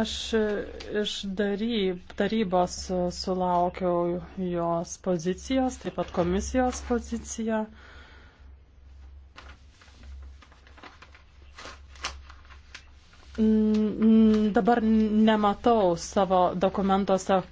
Aš iš daryb, tarybos sulaukiau jos pozicijos, taip pat komisijos poziciją. Dabar nematau savo dokumentuose,